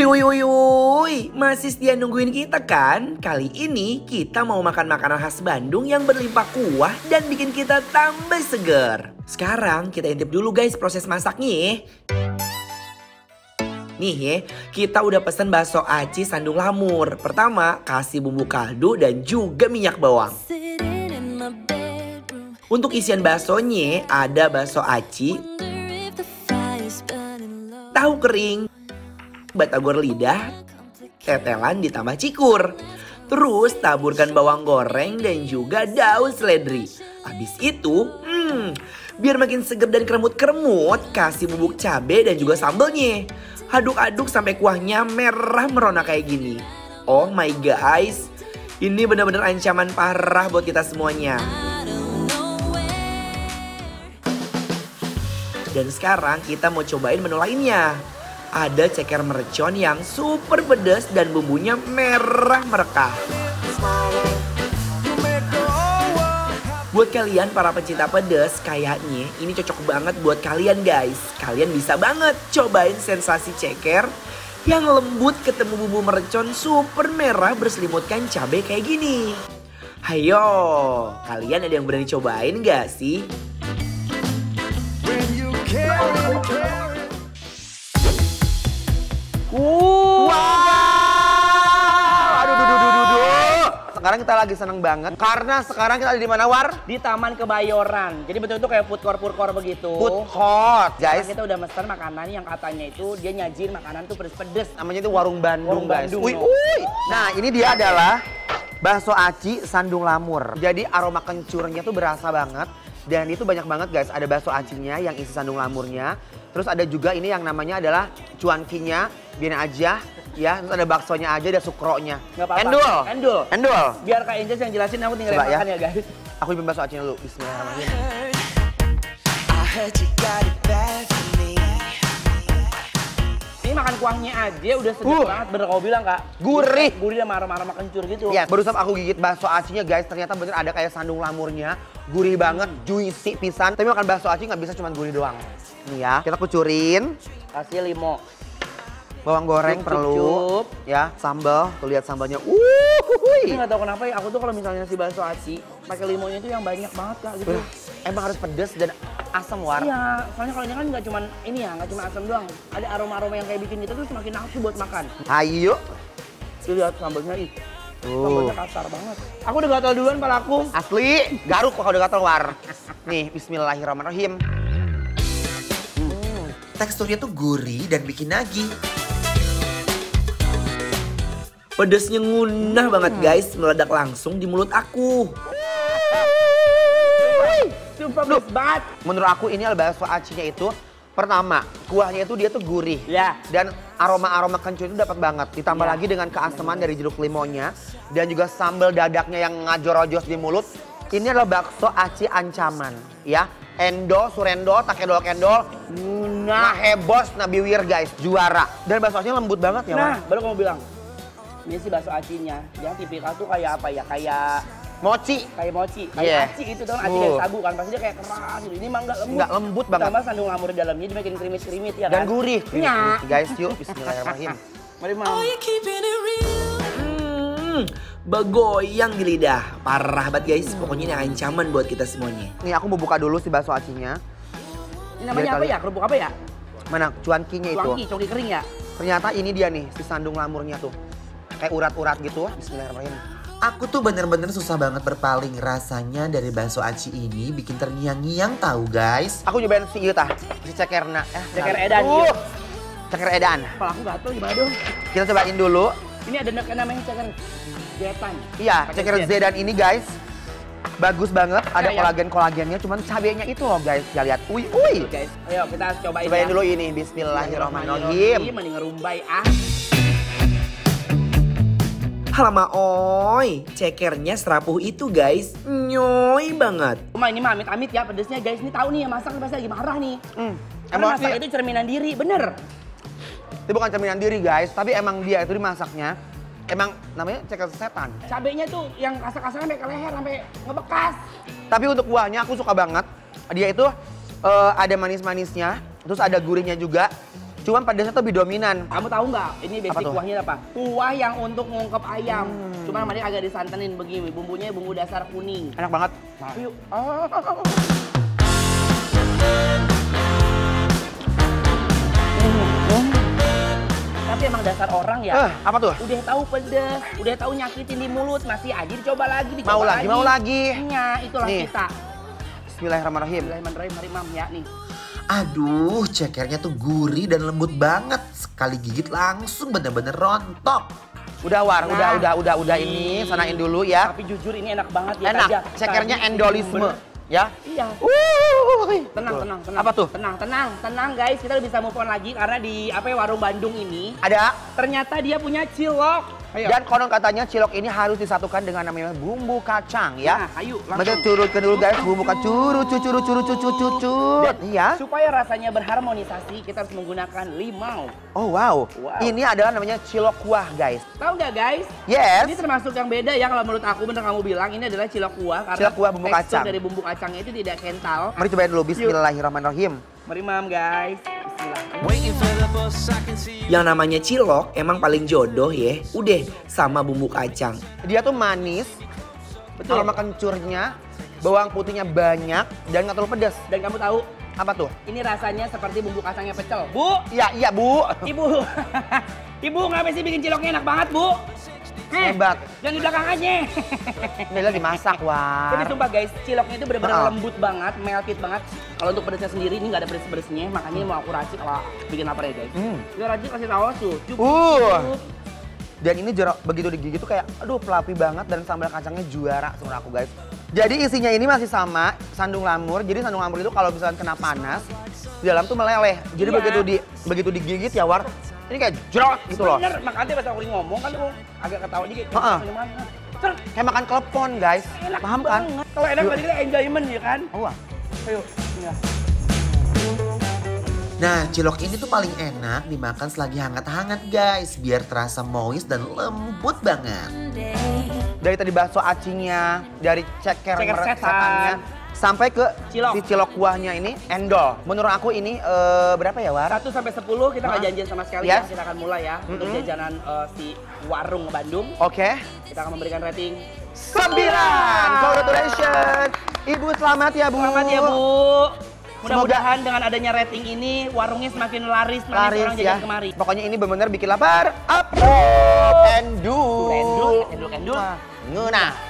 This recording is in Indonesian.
Wui wui wui, woi, masih setia nungguin kita kan? Kali ini kita mau makan makanan khas Bandung yang berlimpah kuah dan bikin kita tambah seger. Sekarang kita intip dulu guys proses masaknya. Ya. Nih ya, kita udah pesen bakso aci sandung lamur. Pertama, kasih bumbu kaldu dan juga minyak bawang. Untuk isian baksonya ada bakso aci, tahu kering, batagor lidah, tetelan ditambah cikur. Terus taburkan bawang goreng dan juga daun seledri. Abis itu, hmm, biar makin seger dan kremut-kremut, kasih bubuk cabe dan juga sambelnya. Aduk-aduk sampai kuahnya merah merona kayak gini. Oh my guys, ini benar-benar ancaman parah buat kita semuanya. Dan sekarang kita mau cobain menu lainnya ada ceker mercon yang super pedas dan bumbunya merah merekah. Buat kalian para pencinta pedas, kayaknya ini cocok banget buat kalian guys. Kalian bisa banget cobain sensasi ceker yang lembut ketemu bumbu mercon super merah berselimutkan cabai kayak gini. Hayo, kalian ada yang berani cobain gak sih? When you care, care. sekarang kita lagi seneng banget karena sekarang kita ada di mana War? Di Taman Kebayoran. Jadi betul-betul kayak food court food court begitu. Food court, guys. Sekarang kita udah mesen makanan yang katanya itu dia nyajin makanan tuh pedes-pedes. Namanya itu warung Bandung, warung guys. Bandung, uy, Nah, ini dia adalah bakso aci sandung lamur. Jadi aroma kencurnya tuh berasa banget dan itu banyak banget guys. Ada bakso acinya yang isi sandung lamurnya. Terus ada juga ini yang namanya adalah cuankinya, biar aja ya terus ada baksonya aja ada sukronya endul endul endul biar kak Inces yang jelasin aku tinggal makan ya. ya guys aku pimpin bakso acinya dulu Bismillahirrahmanirrahim ini makan kuahnya aja udah sedap uh. banget bener kau bilang kak gurih gurih dan marah-marah makan kencur gitu ya barusan baru aku gigit bakso acinya guys ternyata bener ada kayak sandung lamurnya gurih hmm. banget juicy pisan tapi makan bakso aci nggak bisa cuma gurih doang nih ya kita kucurin kasih limo bawang goreng cup, perlu ya sambal tuh lihat sambalnya uh hui nggak tahu kenapa ya aku tuh kalau misalnya si bakso aci pakai limonnya itu yang banyak banget kak gitu uh, emang harus pedes dan asam war iya soalnya kalau ini kan nggak cuma ini ya nggak cuma asam doang ada aroma aroma yang kayak bikin kita gitu tuh semakin nafsu buat makan ayo tuh lihat sambalnya ih Uh. Sambalnya kasar banget. Aku udah gatal duluan pala aku. Asli, garuk kalau udah gatal war. Nih, bismillahirrahmanirrahim. Hmm. Teksturnya tuh gurih dan bikin nagih. Pedesnya ngunah hmm. banget guys, meledak langsung di mulut aku. Sumpah pedes banget. Menurut aku ini albaso acinya itu pertama kuahnya itu dia tuh gurih ya dan aroma-aroma kencur itu dapat banget ditambah ya. lagi dengan keasaman dari jeruk limonya dan juga sambal dadaknya yang ngajorojos di mulut ini adalah bakso aci ancaman ya endo surendo takedol kendol nah, nah hebos nabi wir guys juara dan baksonya lembut banget ya nah baru kamu bilang ini sih bakso acinya. Yang tipikal tuh kayak apa ya? Kayak mochi. Kayak mochi. Kayak yeah. aci gitu dong, aci dari oh. sagu kan. Pasti dia kayak keras gitu. Ini mah nggak lembut. Enggak lembut banget. Tambah sandung lamur di dalamnya bikin krimis krimis ya kan. Dan gurih. Ya. Guys, yuk bismillahirrahmanirrahim. Mari mam. Hmm, begoyang di lidah. Parah banget guys. Pokoknya ini ancaman buat kita semuanya. Nih aku mau buka dulu si bakso acinya. Ini namanya Biar apa kali... ya? Kerupuk apa ya? Mana? Cuankinya itu. Cuanki, coki kering ya? Ternyata ini dia nih, si sandung lamurnya tuh kayak urat-urat gitu wah Bismillahirrahmanirrahim Aku tuh bener-bener susah banget berpaling rasanya dari bakso aci ini bikin terngiang-ngiang tahu guys. Aku nyobain si Yuta, si cekerna. Eh, ceker edan. Uh, iya. ceker edan. Kalau aku gatel gimana dong? Kita cobain dulu. Ini ada namanya ceker zedan. Iya, ceker zedan ini guys bagus banget. Ada kolagen kolagennya, cuman cabenya itu loh guys. Ya lihat, ui ui. Guys, ayo kita cobain. Cobain ya. dulu ini. Bismillahirrahmanirrahim. Ini Mending rumbai ah. Lama oi, cekernya serapuh itu guys, nyoy banget. Ma ini mah amit-amit ya pedesnya guys, ini tahu nih yang masak pasti lagi marah nih. Hmm. Emang masak itu cerminan diri, bener. Itu bukan cerminan diri guys, tapi emang dia itu dimasaknya Emang namanya ceker setan. Cabenya tuh yang kasar-kasarnya sampai ke leher, sampai ngebekas. Tapi untuk buahnya aku suka banget. Dia itu uh, ada manis-manisnya, terus ada gurihnya juga. Cuman pedasnya tuh lebih dominan. Kamu tahu nggak ini basic apa kuahnya apa? Kuah yang untuk ngungkep ayam. Hmm. Cuma kemarin agak disantenin begini. Bumbunya bumbu dasar kuning. Enak banget. Nah, yuk. Ah. tapi emang dasar orang ya. Eh, apa tuh? Udah tahu pedes, udah tahu nyakitin di mulut, masih aja dicoba lagi, dicoba mau lagi. Mau lagi, mau lagi. Iya, itulah nih. kita. Bismillahirrahmanirrahim. Bismillahirrahmanirrahim, mari mam ya nih. Aduh, cekernya tuh gurih dan lembut banget. Sekali gigit langsung bener-bener rontok. Udah war, nah, udah, udah, udah, udah ini sanain dulu ya. Tapi jujur ini enak banget ya. Enak, aja. Ya. cekernya Tadi endolisme. Ya? Iya. Uh, tenang, tenang, tenang. Apa tuh? Tenang, tenang, tenang guys. Kita bisa move on lagi karena di apa ya, warung Bandung ini. Ada? Ternyata dia punya cilok. Ayo. Dan konon katanya cilok ini harus disatukan dengan namanya bumbu kacang ya. Nah, ayo langsung. Mereka turutkan dulu guys bumbu kacang. Curut, curut, curut, curut, curut. Iya. Supaya rasanya berharmonisasi kita harus menggunakan limau. Oh wow. wow. Ini adalah namanya cilok kuah guys. Tahu nggak guys? Yes. Ini termasuk yang beda ya kalau menurut aku bener kamu bilang ini adalah cilok kuah. Karena cilok kuah bumbu kacang. dari bumbu kacangnya itu tidak kental. Mari cobain dulu bismillahirrahmanirrahim. Mari mam guys. Bismillah. Yang namanya cilok emang paling jodoh ya. Udah sama bumbu kacang. Dia tuh manis, betul aroma kencurnya, bawang putihnya banyak dan nggak terlalu pedas. Dan kamu tahu apa tuh? Ini rasanya seperti bumbu kacangnya pecel. Bu? Iya, iya Bu. Ibu. Ibu, nggak sih bikin ciloknya enak banget Bu? Hebat. Yang di belakang aja. lagi dimasak, wah. Tapi sumpah guys, ciloknya itu benar-benar uh lembut banget, melted banget. Kalau untuk pedasnya sendiri ini nggak ada pedes-pedesnya, makanya mau aku racik kalau bikin apa ya guys. Hmm. racik kasih tau tuh. Cukup. Uh. Dan ini jorok begitu digigit tuh kayak aduh pelapi banget dan sambal kacangnya juara menurut aku guys. Jadi isinya ini masih sama sandung lamur. Jadi sandung lamur itu kalau misalkan kena panas di dalam tuh meleleh. Jadi yeah. begitu di begitu digigit ya war ini kayak jerok gitu loh. Bener, makanya pas aku ngomong kan tuh agak ketawa dikit. Heeh. Kayak makan klepon, guys. Enak Paham kan? Kalau enak berarti kita enjoyment ya kan? Wah. Oh, iya. Ayo, ya. Nah, cilok ini tuh paling enak dimakan selagi hangat-hangat guys, biar terasa moist dan lembut banget. Dari tadi bakso acinya, dari ceker, ceker setannya, sampai ke cilok. si cilok kuahnya ini endol. Menurut aku ini uh, berapa ya War? 1 sampai 10 kita nggak janjian sama sekali ya. yes. ya. Kita akan mulai ya mm -hmm. untuk jajanan uh, si warung Bandung. Oke. Okay. Kita akan memberikan rating 9. Congratulations. Ibu selamat ya Bu. Selamat ya Bu. Mudah-mudahan dengan adanya rating ini warungnya semakin laris, laris orang ya. kemari. Pokoknya ini benar-benar bikin lapar. Up, up, and do. Endul, endul, endul. Nguna.